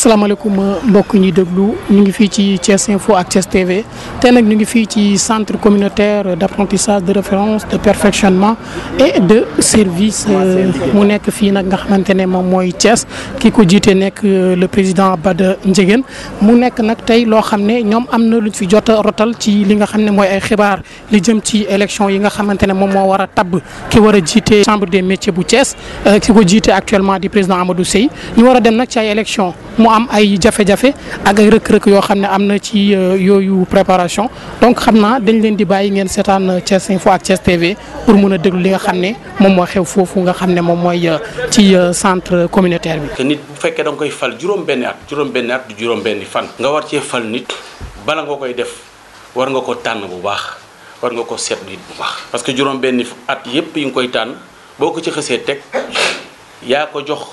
asalaamaaleykum mbokk ñi déglu ñu ngi fi ci Thiès Info ak TV té nak ñu ngi fi ci centre communautaire d'apprentissage de référence de perfectionnement et de service euh, mu nekk fi nak nga xamantene mom moy mooy Thiès ki ko jité nekk euh, le président Abad Ndiéguène mu nekk nak tay lo xamné ñom amna am luñ fi jot rotal ci li nga xamné moy ay xibaar li jëm ci élection yi nga xamantene mom mo wara tab ki wara jité chambre des métiers bu Thiès euh, ki ko jité actuellement di président Amadou sey ñu wara dem nak ci ay élection am ay jafé jafé ak ay rek rek yo xamné amna ci euh, yoyu préparation donc xamna dañ leen di bàyyi ngeen sétane euh, Thiès Info ak Thiès TV pour mëna a déglu li nga xamné mom mo xew fofu nga xamné mom moy euh, ci centre communautaire bi. que nit bu féké dang koy fal juroom benn at juroom benn at du juroom benn fan. nga war ci fal nit bala nga koy def war nga ko tànn bu baax war nga ko seetlu nit bu baax. parce que juroom benn at yépp yi nga koy tànn boko ci xesse tek ya ko jox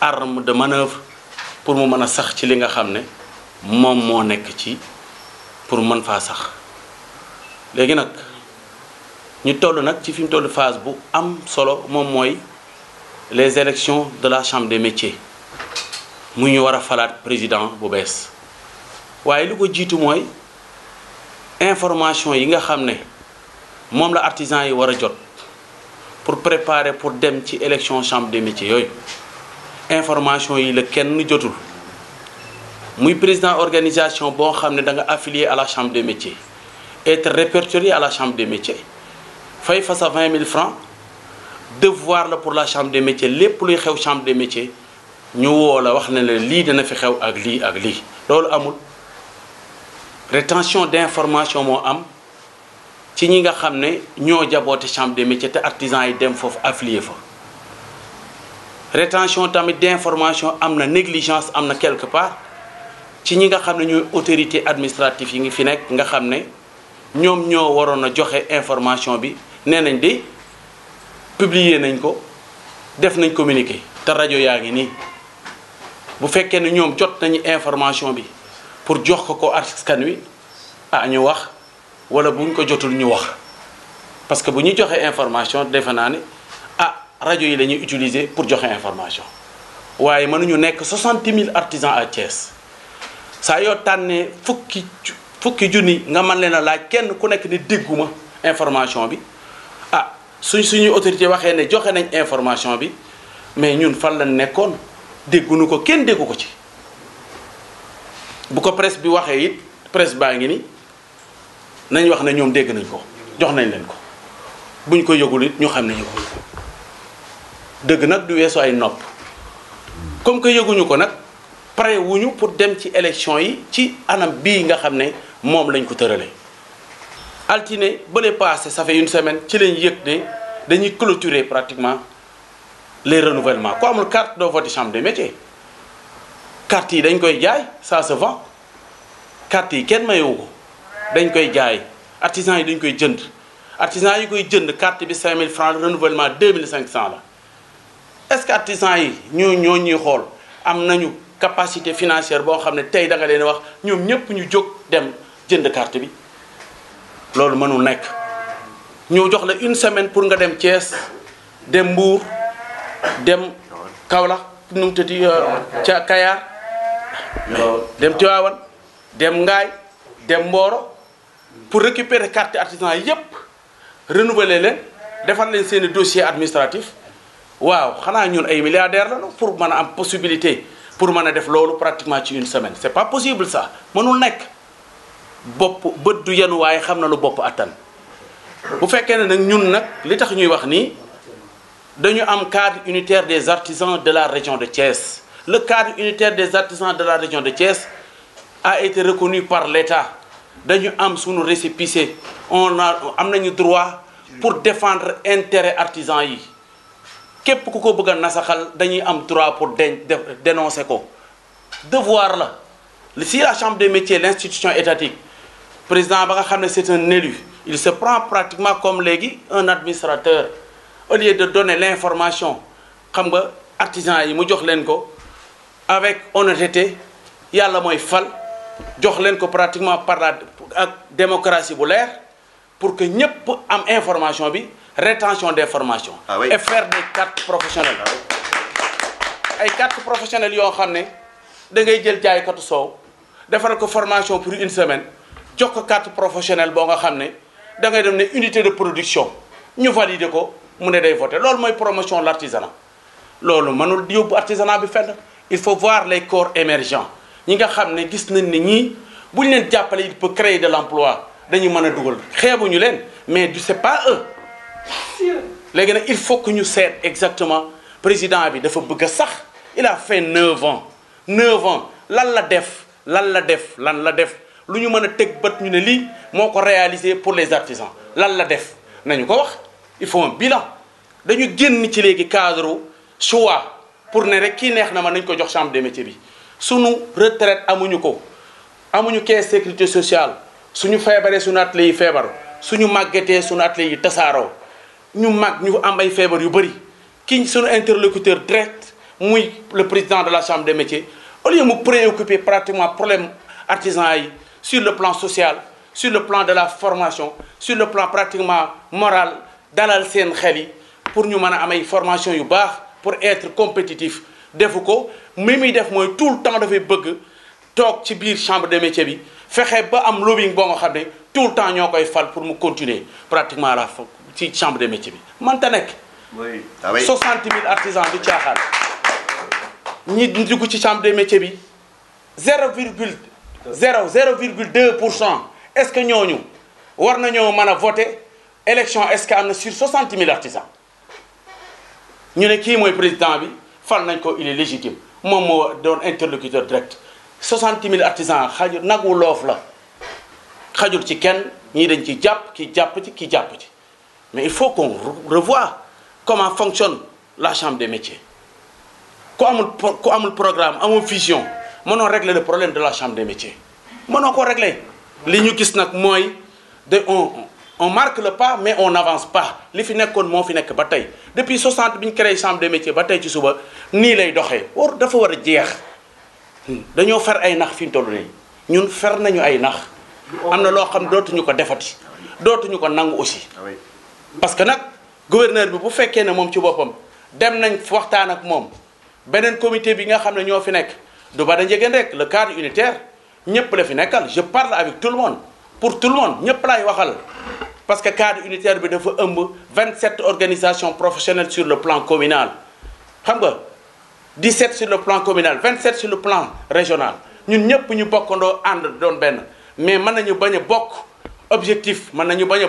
arme de manœuvre pour mu mën a sax ci li nga xamné mom mo nek ci pour mën faa sax légui nak ñu tollu nak ci fi tollu phase bu am solo mom moy les élections de la chambre des métiers mu ñu wara falat président bu bess waye lu ko jiitu information yi nga xamné mom la artisan yi wara jot pour préparer pour dem ci élection chambre des métiers yoy information yi la kenn jotul muy président organisation boo xam ne da nga affilié à la chambre des métiers être répertorié à la chambre des métiers fay face à 20 000 francs devoir la pour la chambre des métiers lépp luy la chambre des métiers ñu woo la wax ne la lii dana fi xew ak lii ak lii loolu amul rétention d'information moo am ci ñi nga xam ne ñoo chambre des métiers te artisans yi dem foofu affilié rétention tamit d'information amna négligence amna quelque part ci ñi nga xamné ne autorité administrative yi ngi fi nek nga xamné ñom ño warona joxé information bi nee nañ de publier nañ ko def nañ communiquer ta radio yaangi ni bu fekkee ne ñom jot nañ information bi pour jox ko ko askan wi ah ñu wax wala buñ ko jotul ñu wax parce que bu ñu information defe naa radio yi la utiliser pour joxe information waaye mënuñu nekk 60 000 artisans à Thiès saa yoo tànnee fukki fukki junni nga man leen a laaj kenn ku nekk ni dégguma information bi ah suñ suñu autorité waxee ne joxe nañ information bi mais ñun fan lañ nekkoon déggunu ko kenn déggu ko ci bu ko presse bi waxee it presse baa ngi ni nañ wax ne ñoom dégg nañ ko jox nañ leen ko buñ ko yëgul it ñu xam ne ko deug nak du weesu ay nopp comme que yëguñu ko nak pare wuñu pour dem ci élection yi ci anam bi nga xamné mom lañ ko tëralee. altiné bële passé ça fait une semaine ci lañ yëg ne dañuy clôturer pratiquement les renouvellements ku amul carte de vote chambre des métiers carte yi dañ koy jaay ça se vend carte yi ken mayewu ko dañ koy jaay artisan yi dañ koy jënd artisan yi koy jënd carte bi 5000 francs renouvellement 2500 la est-ce que artisans ñoo ñoo ñuy xool am nañu capacité financière bo xamné tay da nga leen wax ñoom ñepp ñu jóg dem jënd carte bi loolu mënu nek ñoo jox la une semaine pour nga dem Thiès dem Mbour dem kaola num tati tëddi euh, ca dem Tiwaawan dem Ngaay dem Mboro pour récupérer carte artisan yépp renouveler leen defar leen seeni dossier administratif waaw xanaa ñun ay milliardaire la pour mën a am possibilité pour mën a def loolu pratiquement ci une semaine c'est pas possible ça mënul nekk bopp bët du yenu waaye lu bu ñun li tax ñuy wax dañu am cadre unitaire des artisans de la région de Thiès le cadre unitaire des artisans de la région de Thiès a été reconnu par l'État dañu am suñu récépissé on a am droit pour défendre intérêt artisan yi képp ku ko bëgg a nasaxal dañuy am droit pour dénoncer ko devoir si la chambre des métiers l'institution étatique président ba nga c'est un élu il se prend pratiquement comme l'égui un administrateur au lieu de donner l'information comme nga artisan yi mu jox len ko avec honnêteté yalla moy fal jox len ko pratiquement par la démocratie bu pour que ñépp am information bi rétention des formations. Ah et faire des cartes professionnelles. les ah cartes professionnelles yoo xam ne da ngay jël jaaykatu soow defal ko formation pour une semaine jox carte professionnelle boo nga xam ne da ngay dem unité de production ñu validez ko mu ne day voter de l'artisanat promotion l' artisanat loolu mënul yóbbu artisanat bi l'artisanat, il faut voir les corps émergents ñi nga xam si gis nañ ne Ils bu ñu il peut créer de l'emploi emploi ne mën pas mais du c'est pas eux il faut que nous sachions exactement président bi il a fait 9 ans 9 ans lan la def lan def lan def a pour les artisans lan def nous ko il faut un bilan dañu génn ci cadre choix pour ne rek de neex na ma nañ ko jox chambre des métiers bi suñu retraite nous ko amuñu caisse sécurité sociale suñu feebaree suñu atelier yi suñu suñu atelier yi atelier nous mag fait am ay Qui yu bari interlocuteurs sunu interlocuteur direct le président de la chambre des métiers au lieu mu préoccuper pratiquement problème problèmes sur le plan social sur le plan de la formation sur le plan pratiquement moral dalal sen xel pour nous mën à am formation yu pour être compétitif defu ko mi def tout le temps fay bëgg tok ci biir chambre des métiers bi fexé ba am lobbying bo nga tout le temps ñoo fal pour mu continuer pratiquement à la chambre des métiers. 60 000 artisans du Nous ci chambre des métiers. est ce que élection sur 60 000 artisans nous sommes qui président il est légitime je donne un interlocuteur direct 60 000 artisans xaju un loof la ci dañ ci ki mais il faut qu'on revoie comment fonctionne la chambre des métiers. Quand a le programme, a une vision, on a réglé le problème de la chambre des métiers. On a quoi réglé Les on marque le pas, mais on n'avance pas. Les finesse qu'on m'a fait bataille. Depuis 60 000 la chambre des métiers, bataille, tu sais, ni les doré. Or, il faut dire. Nous devons faire un acte fin de l'année. Nous devons faire un acte. Nous devons faire un acte. Nous devons faire un acte. Nous devons faire un acte aussi. Ah oui parce que le gouverneur bi bu fekkee ne moom ci boppam dem nañ waxtaan ak moom beneen comité bi nga xam ne ñoo fi nekk du Bada rek le cadre unitaire ñëpp la fi nekkal je parle avec tout le monde pour tout le monde ñëpp laay waxal parce que cadre unitaire bi dafa ëmb 27 organisations professionnelles sur le plan communal xam nga 17 sur le plan communal 27 sur le plan régional ñun ñëpp ñu bokkandoo ànd doon benn mais mën nañu bañ a bokk objectif mën nañu bañ a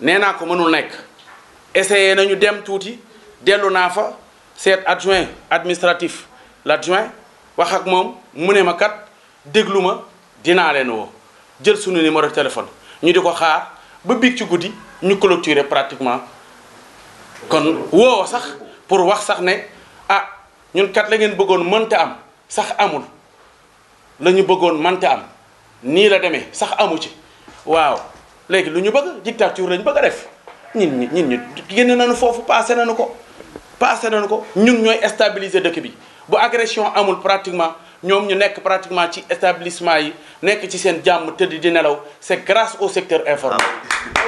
nee naa ko mënul nekk essayé nañu dem tuuti dellu naa fa seet adjoint administratif l'adjoint wax ak moom mu ne ma kat déglu ma dinaa leen woo jël suñu numéro téléphone ñu di ko xaar ba biig ci guddi ñu clôturer pratiquement kon woo sax pour wax sax ne ah ñun kat la ngeen bëggoon mënta am sax amul lañu ñu bëggoon mënta am nii la demee sax amu ci waaw léegi lu ñu bëgg dictature lañu bëgg def nit ñi nit ñi génn nañu foofu passé nañu ko passé nañu ko ñun ñooy stabiliser dëkk bi bu agression amul pratiquement ñoom ñu nekk pratiquement ci établissement yi nekk ci seen jàmm tëdd di nelaw c'est grâce au secteur informel ah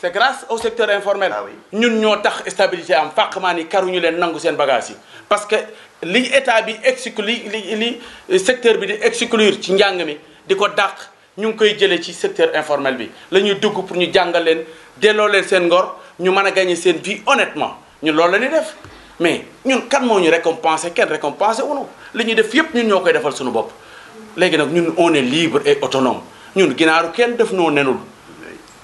c'est grâce au secteur informel ah ñun ñoo tax stabilité am fàqmaan yi karuñu leen nangu seen bagage yi parce que li état bi exclu li li secteur bi di exclure ci njàng mi di ko dàq ñu ngi koy jëlee ci secteur informel bi la dugg pour ñu jàngal leen delloo leen seen ngor ñu mën a gagner seen vie honnêtement ñun loolu la ñuy def mais ñun kan moo ñu récompenser kenn récompenser wu ñu li ñuy def yëpp ñun ñoo koy defal suñu bopp. léegi nag ñun on est libre et autonome ñun ginaaru kenn def noo nenul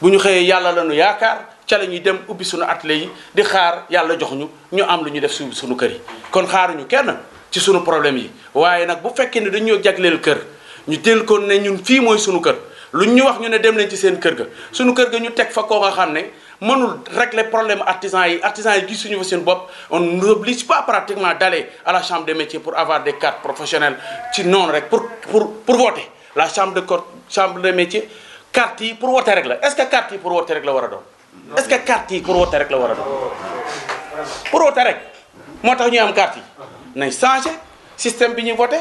bu ñu xëyee yàlla la yaakaar ca la ñuy dem ubbi suñu atelier yi di xaar yàlla jox ñu ñu am lu ñu def su suñu kër yi kon xaaruñu kenn ci sunu problème yi waaye nag bu fekkee ne dañoo jagleel kër. ñu jël ko ne ñun fii mooy sunu kër lu ñu wax ñu ne dem leen ci seen kër ga sunu kër ga ñu teg fa koo nga xam ne mënul régler problème artisan yi artisan yi gisuñu fa seen bopp on n'oblige pas pratiquement d'aller à la chambre des métiers pour avoir des cartes professionnelles ci noonu rek pour pour pour voter la chambre de corps chambre des métiers carte yi pour voter rek la est-ce que carte yi pour voter rek la war a doon est-ce que carte yi pour voter rek la war a doon pour voter rek moo tax ñu am carte yi nañ changer système bi ñuy voter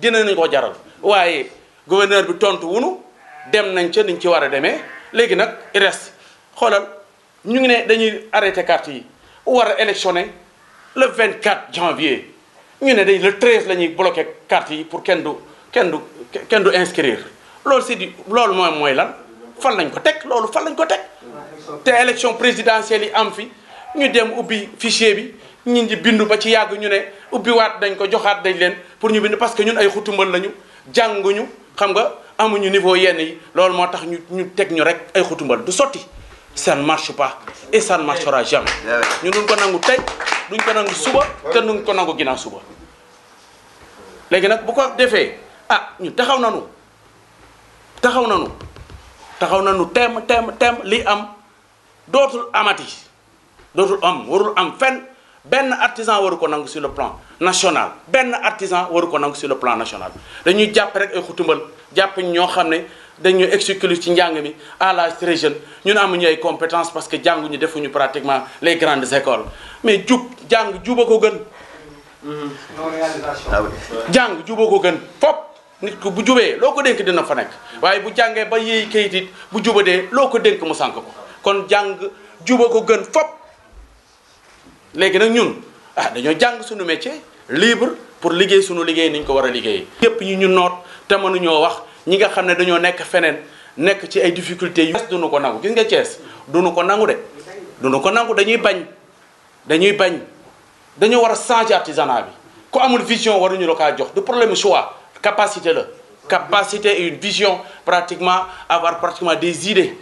dinañ ko jaral waaye gouverneur bi tontu wunu dem nañ ca niñ ci war a demee léegi nag reste xoolal ñu ngi ne dañuy arrêté carte yi war a électionné le 24 janvier ñu ne dañ le 13 la ñuy bloqué carte yi pour kenn du kenn du kenn du inscrire loolu si di loolu moom mooy lan fan lañ ko teg loolu fan lañ ko teg te élection présidentielle yi am fi ñu dem ubbi fichier bi ñun ñi bindu ba ci yàgg ñu ne ubbiwaat dañ ko joxaat dañ leen pour ñu bind parce que ñun ay xutumbal lañu jànguñu xam nga amuñu niveau yenn yi loolu moo tax ñu ñu teg ñu rek ay xutumbal du sotti ça ne marche pas et ça ne marchera jamais ñu duñ ko nangu tey duñ ko nangu suba te nuñ ko nangu ginnaaw suba léegi nag bu ko defee ah ñu taxaw nanu taxaw nanu taxaw nanu teem teem teem li am dootul amati dootul am warul am fenn ben artisan waru ko sur le plan national ben artisan waru ko sur le plan national dañu japp rek ay xutumbal japp ño xam dañu exclure ci njang mi à la région jeune ñun amuñu ay compétence parce que jànguñu defuñu pratiquement les grandes écoles mais djub jang juba ko gën jang juba ko gën fop nit ko bu djubé loko denk dina fa nek waye bu jangé ba yeey kayit bu jubadee loo ko mu sank ko kon jang juba ko gën fop léegi nak ñun ah dañu jang suñu métier libre pour liggéey suñu liggéey niñ ko wara a liggéey yépp ñu ñu té mënu ñoo wax ñi nga xamné ne dañoo nekk fenen nekk ci ay difficultés yu duñu ko nangu gis nga Thiès duñu ko nangu de duñu ko nangu dañuy bañ dañuy bañ dañoo wara a changer artisanat bi ko amul vision waruñu la kaa jox du problème choix capacité la capacité et une vision pratiquement avoir pratiquement des idées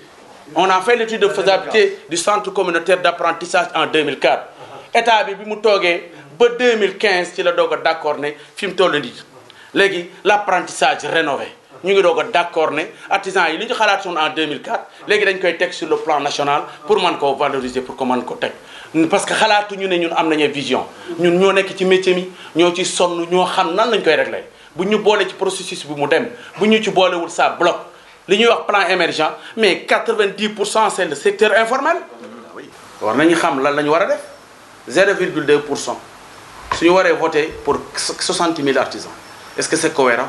on a fait l'étude de faisabilité du centre communautaire d'apprentissage en 2004 état bi bi mu toogee ba 2015 ci la dogo d'accord né fim ne nit légui l'apprentissage rénové ñu ngi dogo a né artisan yi li ñu xalaatoon en 2004 légui dañ koy tek sur le plan national pour man ko valoriser pour comment man ko tek parce que ñu né ñun am nañu vision ñun ño nek ci métier mi ño ci sonu ño xam nan lañ koy régler bu ñu bolé ci processus bi mu dem bu ñu ci wul sa bloc li ñuy wax plan émergent mais 90 c'est le secteur informel. war nañu xam lan lañ wara war def. 0,2 si nous avons voté pour 60 000 artisans est-ce que c'est cohérent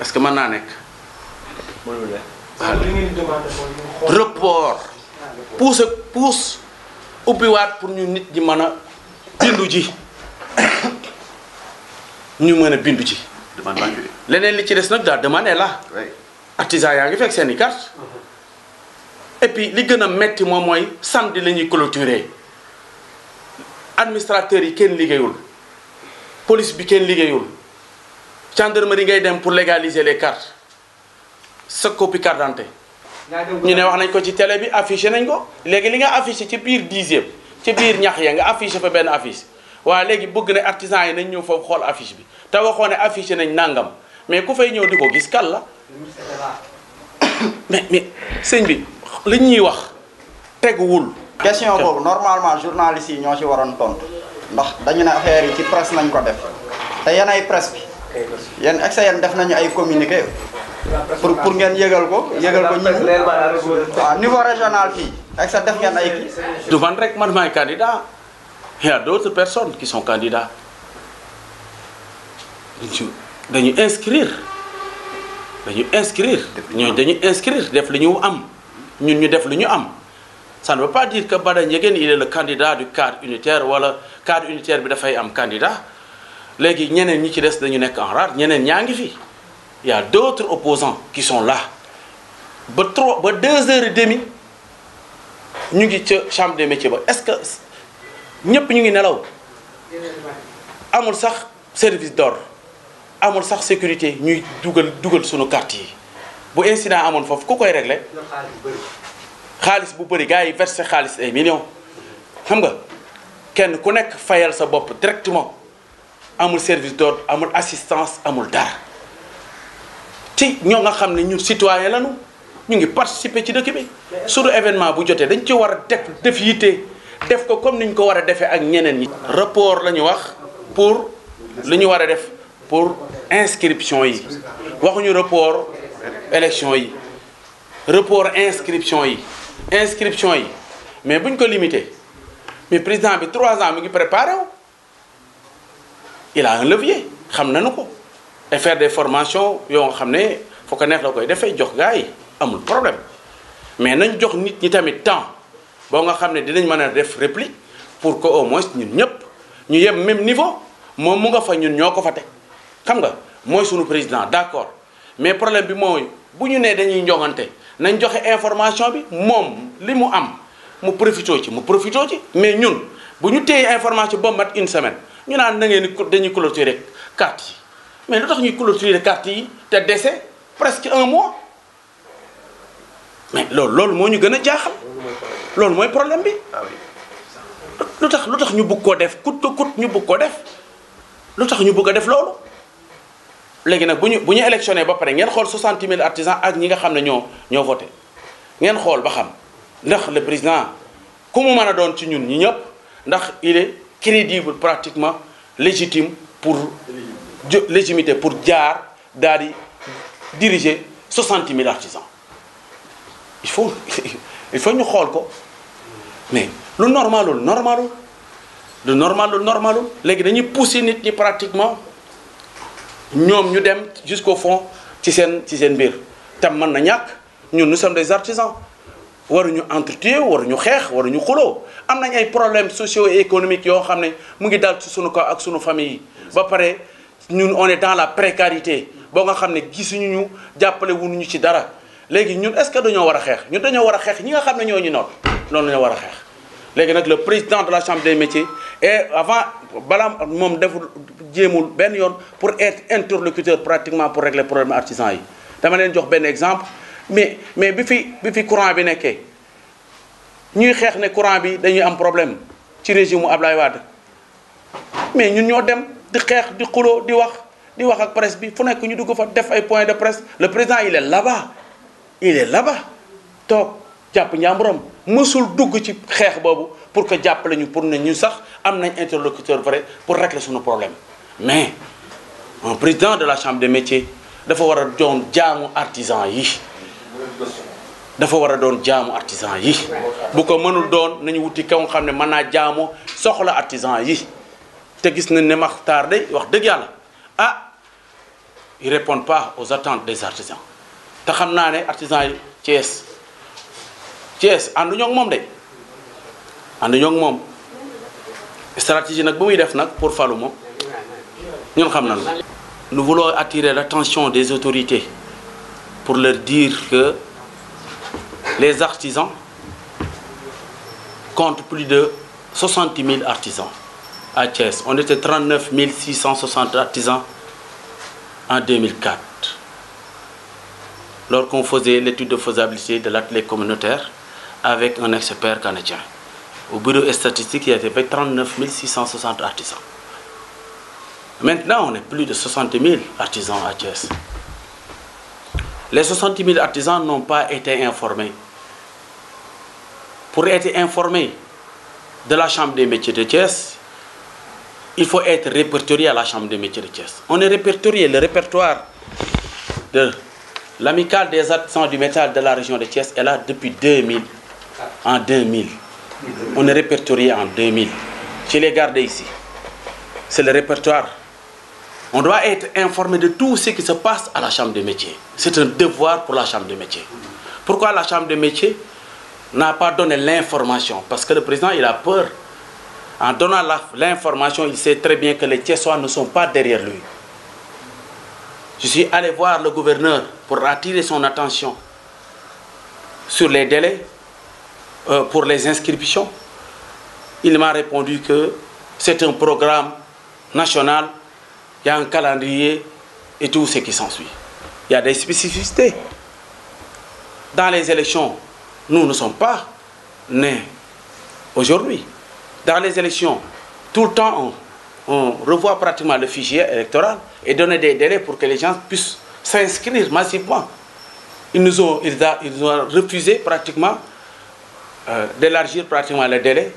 est-ce que maintenant suis là. report pousse pousse pour nous nit sommes nous sommes ji ñu qui bindu ji. là. carte mhm. et puis li metti moins nous clôturer. administrateurs yi kenn liggéeyul police bi kenn liggéeyul gendarmerie ngay dem pour légaliser les cartes sa copie carte d'identité ñu ne wax nañ ko ci télé bi affiché nañ ko léegi li nga affiché ci biir dixième ci biir ñax ya nga affiché fa benn affice waaw léegi bëgg na artisan yi nañ ñëw foofu xool affiche bi te waxoo ne affiché nañ nangam mais ku fay ñëw di ko gis kal la mais mais sëñ bi li ñuy wax teguwul question boobu normalement journalistes yi ñoo ci waroon tontu ndax dañu na affaire yi ci presse nañ ko def tay yéen ay presse bi yéen ak sa yéen def nañu ay communiqué pour pour ngeen yëgal ko yëgal ko ñu waaw ah, niveau régional fi ak sa def ngeen ay ki du man rek man may candidat il y a d'autres personnes qui sont candidats dañu inscrire dañu inscrire ñoo dañu inscrire def li ñu am ñun ñu def li ñu am Ça ne veut pas dire que Bada Yegen, il est le candidat du cadre unitaire, ou le cadre unitaire, il a un candidat. Les ñeneen ñi ci des dañu en rade ñeneen ñaa ngi Il y a d'autres opposants qui sont là Dans deux heures et demie ñu dans la chambre des métiers est-ce que ñëpp ñu ngi nelaw amul sax service d'ordre amul sax sécurité ñuy dugal dugal nos carte yi bu incident amoon foofu ku koy régler xaalis bu bari gars yi versé xaalis ay millions xam nga kenn ku nek fayal sa bop directement amul service d'ordre amul assistance amul dara ci ñoo nga xam ñun citoyen lañu ñu ngi participer ci dëkk bi sur événement bu joté dañ ci wara a def def def ko comme niñ ko wara a ak ñeneen ñi. rapport la wax pour lu ñu war def pour inscription yi waxuñu rapport élection yi rapport inscription yi inscription yi mais buñ ko limité mais président bi trois ans mi ngi il a un levier xam et faire des formations yo nga xam neex la koy jox problème mais nañ jox nit ñi tamit temps pour nga xamné dinañ mëna réplique pour que au moins ñun ñëpp même niveau moom mu nga fa ñun ñoko fa tek xam nga moy sunu président d'accord mais problème bi nañ joxe information bi mom limu am mu profito ci mu profito ci mais ñun bu ñu téye information ba mat une semaine ñu naan na ngeen dañuy clôturer rek carte yi mais lutax ñuy clôturer carte yi té décès presque un mois mais lool lool mo ñu gëna a jaaxal loolu mooy problème bi ah lutax lutax ñu bu ko def kut kut ñu bu ko def lutax ñu bu ko def loolu Si vous bu nous avons électionné 60 000 artisans ak ñi nga xam voté le président comme on a il est crédible pratiquement légitime pour diriger 60 000 artisans il faut il faut le xool mais ce normal, normal. normal. normalul normalul léegi dañuy pousser nit pratiquement nous, sommes jusqu'au fond ci sen ci sen bir tam nous na ñak ñun nous sommes des artisans waruñu waru ñu xex waru ñu xulo ay problèmes sociaux et économiques yo xamné mu ngi dal ci suñu ko ak suñu famille ba nous on est dans la précarité bo nga ne wuñu ci dara Nous ñun est-ce que nous wara xex ñun ñi nga xamné ñoo ñu loolu ñu le président de la chambre des métiers et avant Balam moom pour être interlocuteur pratiquement pour régler problème artisan Je dama vous jox un exemple mais mais bi fi courant bi ñuy ne courant bi un problème ci régime mais nous, ñoo dem di di di wax presse bi de presse le président il est là-bas il est là-bas Donc, un ci pour que jàppale ñu pour ne ñu sax am nañ interlocuteur vrai pour régler suñu problème mais en président de la chambre des métiers dafa war a doon jaamu artisan yi dafa war a doon jaamu artisan yi bu ko mënul doon nañu wuti kaw nga xam ne mën naa jaamu soxla artisan yi te gis nañ ne Makhtar de wax dëgg yàlla ah ils répondent pas aux attentes des artisans te xam naa ne artisans yi Thiès Thiès ànduñoo ak moom de stratégie pour nous voulons attirer l'attention des autorités pour leur dire que les artisans comptent plus de 60 000 artisans à Thiès. On était 39 660 artisans en 2004. Lorsqu'on faisait l'étude de faisabilité de l'atelier communautaire avec un expert canadien. Au bureau statistique, il y avait 39 660 artisans. Maintenant, on est plus de 60 000 artisans à Thiès. Les 60 000 artisans n'ont pas été informés. Pour être informés de la Chambre des métiers de Thiès, il faut être répertorié à la Chambre des métiers de Thiès. On est répertorié, le répertoire de l'amicale des artisans du métal de la région de Thiès est là depuis 2000, en 2000 on est répertorié en 2000. Je les gardé ici. C'est le répertoire. On doit être informé de tout ce qui se passe à la chambre de métier. C'est un devoir pour la chambre de métier. Pourquoi la chambre de métier n'a pas donné l'information Parce que le président, il a peur. En donnant l'information, il sait très bien que les Tiessois ne sont pas derrière lui. Je suis allé voir le gouverneur pour attirer son attention sur les délais euh, pour les inscriptions. Il m'a répondu que c'est un programme national, il y a un calendrier et tout ce qui s'ensuit. Il y a des spécificités. Dans les élections, nous ne sommes pas nés aujourd'hui. Dans les élections, tout le temps, on, revoit pratiquement le fichier électoral et donne des délais pour que les gens puissent s'inscrire massivement. Ils nous ont, ils ont refusé pratiquement euh, d'élargir pratiquement les délai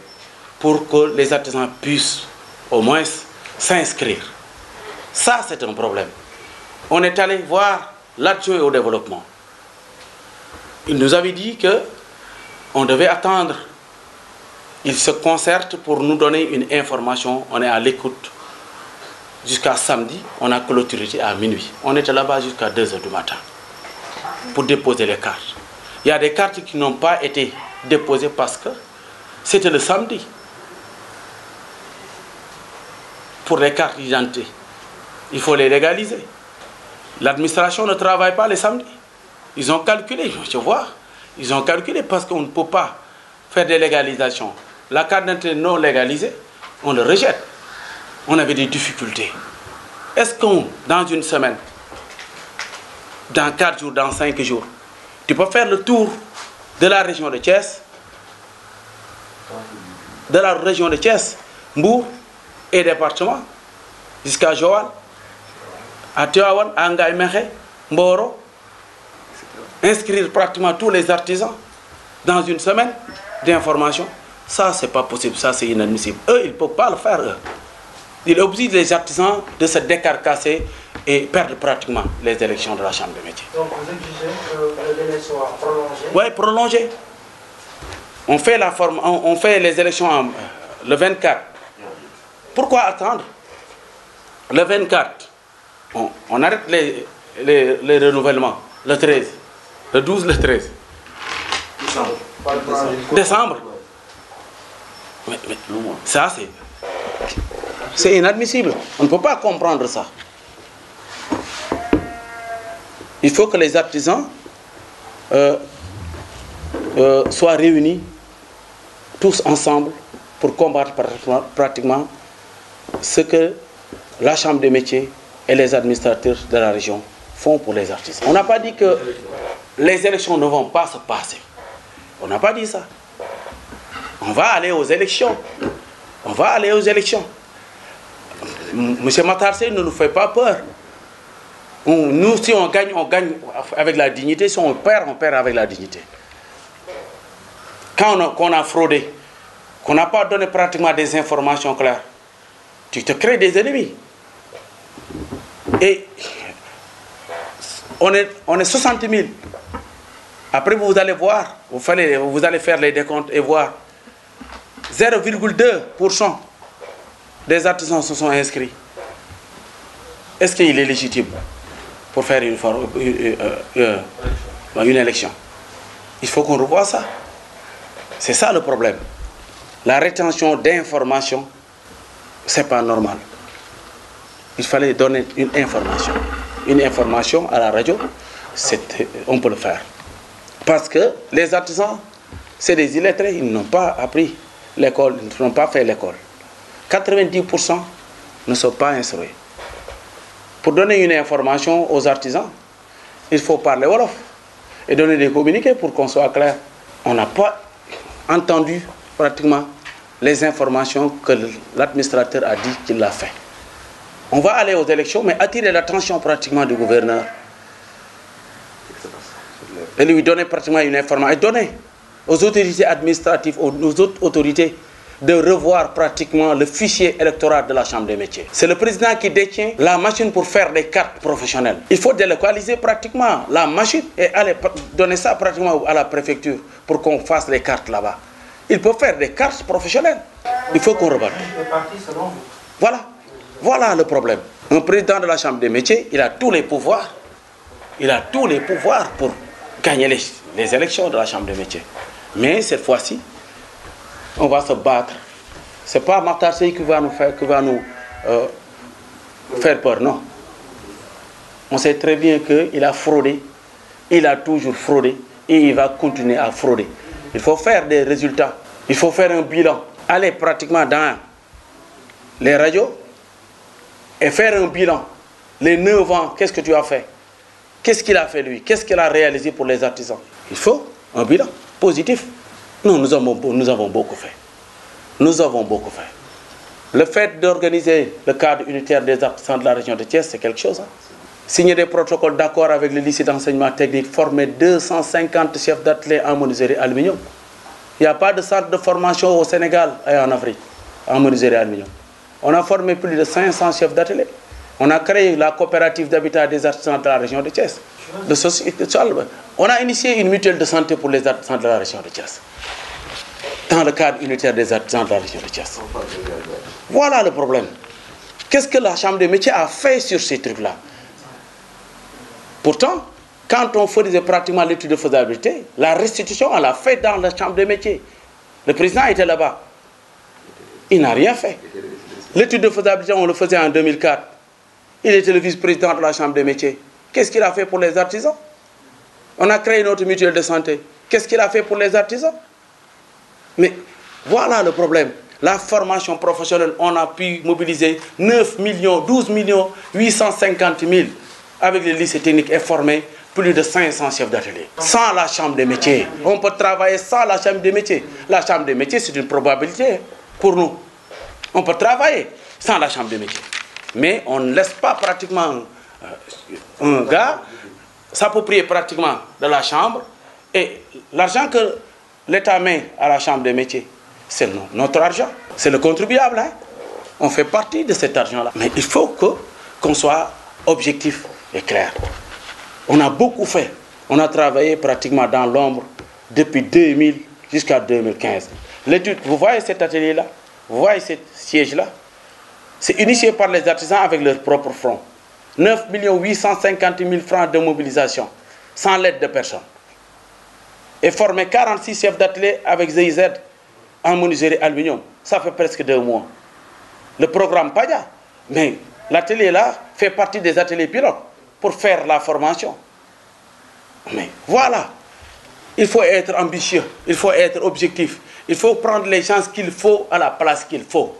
pour que les artisans puissent au moins s'inscrire. Ça, c'est un problème. On est allé voir l'adjoint au développement. Il nous avait dit que on devait attendre. Il se concerte pour nous donner une information. On est à l'écoute jusqu'à samedi. On a clôturé à minuit. On était là-bas jusqu'à 2h du matin pour déposer les cartes. Il y a des cartes qui n'ont pas été déposé parce que c'était le samedi pour les cartes d'identité. Il faut les légaliser. L'administration ne travaille pas les samedis. Ils ont calculé, tu vois. Ils ont calculé parce qu'on ne peut pas faire des légalisations. La carte d'identité non légalisée, on le rejette. On avait des difficultés. Est-ce qu'on, dans une semaine, dans 4 jours, dans 5 jours, tu peux faire le tour de la région de Thiès de la région de et département jusqu'à Joal à Tiawan, à Mboro inscrire pratiquement tous les artisans dans une semaine d'information ça c'est pas possible ça c'est inadmissible eux ils peuvent pas le faire eux ils obligent les artisans de se décarcasser et perdre pratiquement les élections de la Chambre des métiers. Donc vous exigez que le délai soit prolongé Oui, prolongé. On fait, la forme, on, fait les élections euh, le 24. Pourquoi attendre Le 24, on, arrête les, les, renouvellements. Le 13, le 12, le 13. Décembre. Décembre. Mais, ça, c'est inadmissible. On ne peut pas comprendre ça il faut que les artisans euh, euh, soient réunis tous ensemble pour combattre pratiquement ce que la Chambre des métiers et les administrateurs de la région font pour les artisans. On n'a pas dit que les élections ne vont pas se passer. On n'a pas dit ça. On va aller aux élections. On va aller aux élections. Monsieur Matarsé ne nous fait pas peur nous, si on gagne, on gagne avec la dignité. Si on perd, on perd avec la dignité. Quand on a, fraudé, qu'on n'a pas donné pratiquement des informations claires, tu te crées des ennemis. Et on est, on est 60 000. Après, vous allez voir, vous vous allez faire les décomptes et voir. 0,2% des artisans se sont inscrits. Est-ce qu'il est légitime pour faire une, euh, euh, euh, une, élection. Il faut qu'on revoie ça. C'est ça le problème. La rétention d'informations, ce n'est pas normal. Il fallait donner une information. Une information à la radio, on peut le faire. Parce que les artisans, c'est des illettrés, ils n'ont pas appris l'école, ils n'ont pas fait l'école. 90% ne sont pas instruits. Pour donner une information aux artisans, il faut parler Wolof et donner des communiqués pour qu'on soit clair. On n'a pas entendu pratiquement les informations que l'administrateur a dit qu'il l'a fait. On va aller aux élections, mais attirer l'attention pratiquement du gouverneur. Et lui donner pratiquement une information. Et donner aux autorités administratives, aux autres autorités de revoir pratiquement le fichier électoral de la Chambre des métiers. C'est le président qui détient la machine pour faire des cartes professionnelles. Il faut délocaliser pratiquement la machine et aller donner ça pratiquement à la préfecture pour qu'on fasse les cartes là-bas. Il peut faire des cartes professionnelles. Il faut qu'on rebatte. Voilà. Voilà le problème. Un président de la Chambre des métiers, il a tous les pouvoirs. Il a tous les pouvoirs pour gagner les, les élections de la Chambre des métiers. Mais cette fois-ci, on va se battre. Ce n'est pas Maktar qui va nous faire, qui va nous, euh, faire peur, non. On sait très bien qu'il a fraudé, il a toujours fraudé et il va continuer à frauder. Il faut faire des résultats, il faut faire un bilan. Aller pratiquement dans les radios et faire un bilan. Les 9 ans, qu'est-ce que tu as fait Qu'est-ce qu'il a fait lui Qu'est-ce qu'il a réalisé pour les artisans Il faut un bilan positif nous avons, nous avons beaucoup fait. Nous avons beaucoup fait. Le fait d'organiser le cadre unitaire des artisans de la région de Thiès, c'est quelque chose. Hein. Signer des protocoles d'accord avec le lycée d'enseignement technique, former 250 chefs d'atelier en menuiserie aluminium. Il n'y a pas de centre de formation au Sénégal et en Afrique en menuiserie aluminium. On a formé plus de 500 chefs d'atelier. On a créé la coopérative d'habitat des artisans de la région de Thiès. On a initié une mutuelle de santé pour les artisans de la région de Thiès. Dans le cadre unitaire des artisans de la région de Thiès. Voilà le problème. Qu'est-ce que la Chambre des métiers a fait sur ces trucs-là Pourtant, quand on faisait pratiquement l'étude de faisabilité, la restitution, on l'a fait dans la Chambre des métiers. Le président était là-bas. Il n'a rien fait. L'étude de faisabilité, on le faisait en 2004. Il était le vice-président de la Chambre des métiers. Qu'est-ce qu'il a fait pour les artisans On a créé notre mutuelle de santé. Qu'est-ce qu'il a fait pour les artisans Mais voilà le problème. La formation professionnelle, on a pu mobiliser 9 millions, 12 millions, 850 000 avec les lycées techniques et former plus de 500 chefs d'atelier. Sans la chambre des métiers. On peut travailler sans la chambre des métiers. La chambre des métiers, c'est une probabilité pour nous. On peut travailler sans la chambre des métiers. Mais on ne laisse pas pratiquement euh, un gars s'approprier pratiquement de la chambre et l'argent que l'État met à la chambre des métiers, c'est notre argent, c'est le contribuable. Hein. On fait partie de cet argent-là. Mais il faut que qu'on soit objectif et clair. On a beaucoup fait. On a travaillé pratiquement dans l'ombre depuis 2000 jusqu'à 2015. vous voyez cet atelier-là, vous voyez ce siège-là, c'est initié par les artisans avec leur propre front. 9 850 000 francs de mobilisation, sans l'aide de personne. Et former 46 chefs d'atelier avec ZIZ en menuiserie aluminium. Ça fait presque deux mois. Le programme PADIA, mais l'atelier là fait partie des ateliers pilotes pour faire la formation. Mais voilà, il faut être ambitieux, il faut être objectif, il faut prendre les chances qu'il faut à la place qu'il faut.